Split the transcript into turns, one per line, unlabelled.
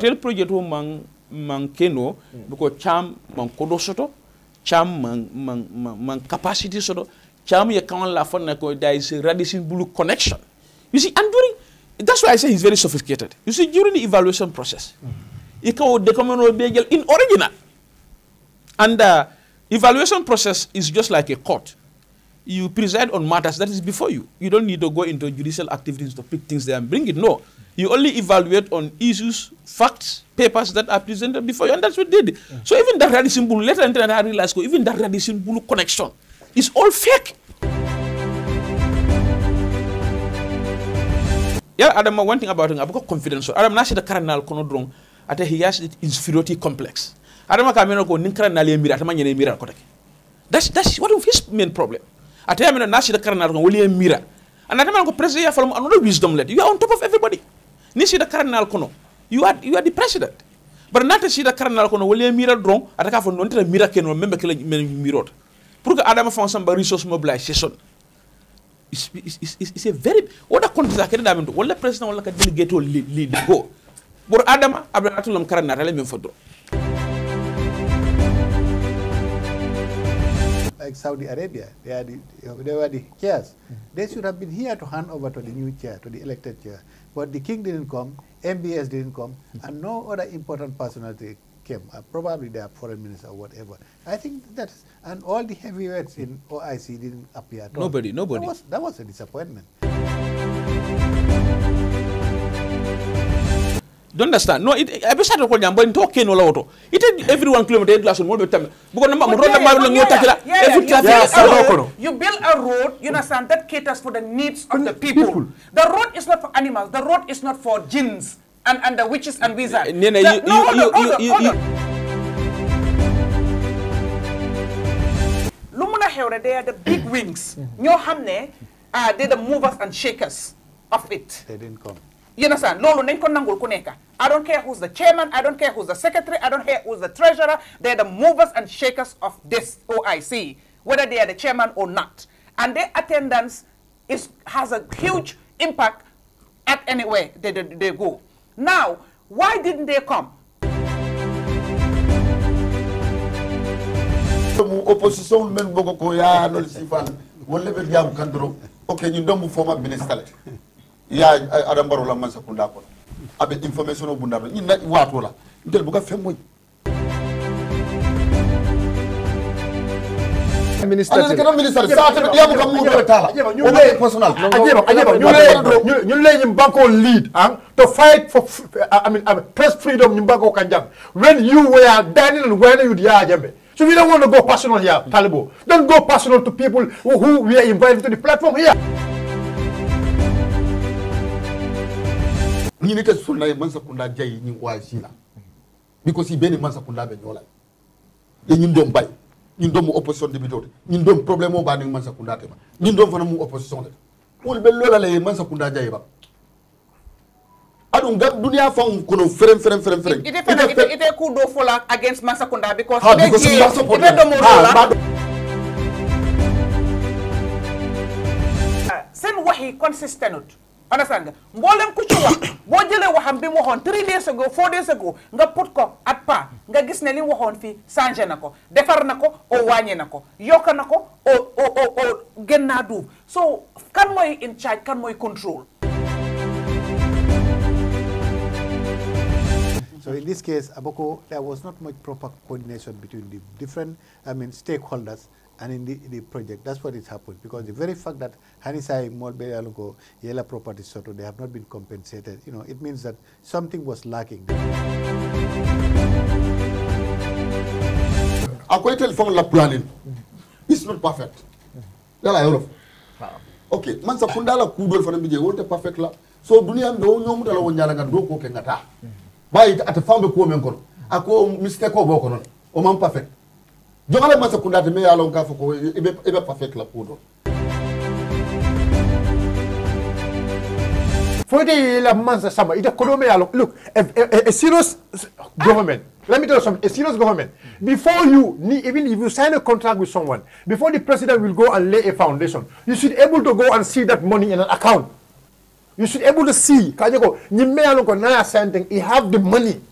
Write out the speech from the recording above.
hotel project o man man keno mm. because cham man kodo soto cham man man man capacity soto cham ye kan la fon ko there is a radicin blue connection you see and during that's why i say he's very sophisticated you see during the evaluation process e mm. can the decommend o be in original and the uh, evaluation process is just like a court you preside on matters that is before you. You don't need to go into judicial activities to pick things there and bring it. No. You only evaluate on issues, facts, papers that are presented before you, and that's what we did. Yeah. So even that Radisson letter and that I even that Radisson connection is all fake. Yeah, Adam, one thing about him, I've got confidence. Adam, I the cardinal conodrong, I he has an inferiority complex. Adam, I can't remember, I can't remember, I am not remember. That's, that's one of his main problem. ataya mino nasi da karna ko woli mira anata man ko président ya falam anono wisdom let you are on top of everybody ni sida cardinal kono you are you are the president bara nata sida cardinal kono woli mira dron ataka fo non tira mira keno membe kala men mirot pour que adama fon samba resource mobilisation is is is a very oda kontisa kede da men wala président wala ka delegate li li go bor adama abdul atulam cardinal tale men fodro
like Saudi Arabia, they, are the, they were the chairs. They should have been here to hand over to the new chair, to the elected chair. But the king didn't come, MBS didn't come, and no other important personality came. Uh, probably they are foreign minister or whatever. I think that's, and all the heavyweights in OIC didn't appear at all. Nobody, nobody. That was, that was a disappointment.
do understand no it abe sa ko nyamba nto ke no lawoto it every one kilometer it last one be tam buko namba mo road namba no takila every traffic
you build a road you understand that caters for the needs of the people the road is not for animals the road is not for jinns and and the witches and wizards eh, no, you, no, you, hold on, you, hold on, hold on. they are the big wings. Ñoo xam ne ah they the movers and shakers of it. They didn't come. You understand? Loolu nañ ko nangul ku nekk. I don't care who's the chairman. I don't care who's the secretary. I don't care who's the treasurer. They're the movers and shakers of this OIC, whether they are the chairman or not. And their attendance is, has a huge impact at anywhere they, they, they go. Now, why didn't they come?
opposition men ko ya sifan be diam kandro foma ya adam man sa kunda ko a bɛ information bunda a bɛ ɲinina waa buka fɛn
lead to fight for I mean, I press freedom When you were dining and when you are so we don't want to go personal here, Talibo. Don't go personal to people who, who
we are invited to the platform here. ɲini kɛ na ye mansakunda diya ye ɲin waa si la because i bɛ nin mansakunda bɛ ɲɔgɔn la i ye ɲin dɔn ba ye ɲin dɔn mu opposition député de ɲin dɔn problème b'a ni mansakunda de ma ɲin dɔn fana mu opposition de olu bɛ lɔ la la ye mansakunda diya ye ba adun ga duniya fanw kɔnɔ fɛrɛn fɛrɛn fɛrɛn fɛrɛn. i tɛ fɛn
i tɛ k'u dɔ fɔ la against mansakunda because i bɛ jɛ i bɛ dɔn mɔgɔw la. sẽn wa y consistent d understand nga mboolem ku ci wax boo jëlee waxam bi mu three days ago four days ago nga put ko at pa nga gis ne li mu waxoon fii changé defar nako, o wàññi nako, ko yokka na o o o gën so kan mooy in charge kan mooy control
So in this case, Aboko, there was not much proper coordination between the different, I mean, stakeholders and in the, the project. That's what it happened because the very fact that Hanisai, Molbe, Aluko, Yela Property Soto, they have not been compensated, you know, it means that something was lacking. akwai telephone la planning it's not perfect
yala europe ah. okay man sa kunda la kudol fana bije a perfect la so dunia ndo nyomu dala wonyala nga doko ke ngata ba ita ata fambe ko men kono ako mistake ko boko non o perfect jogale ma sekundati me ye a lon k'a fɔ ko la
mansa sama look a, a, a serious government let me tell you something a serious government before you even if you sign a contract with someone before the president will go and lay a foundation you should able to go and see that money in an account you should able to see kaje ko nyimme ya lon ko na ya sending he have the money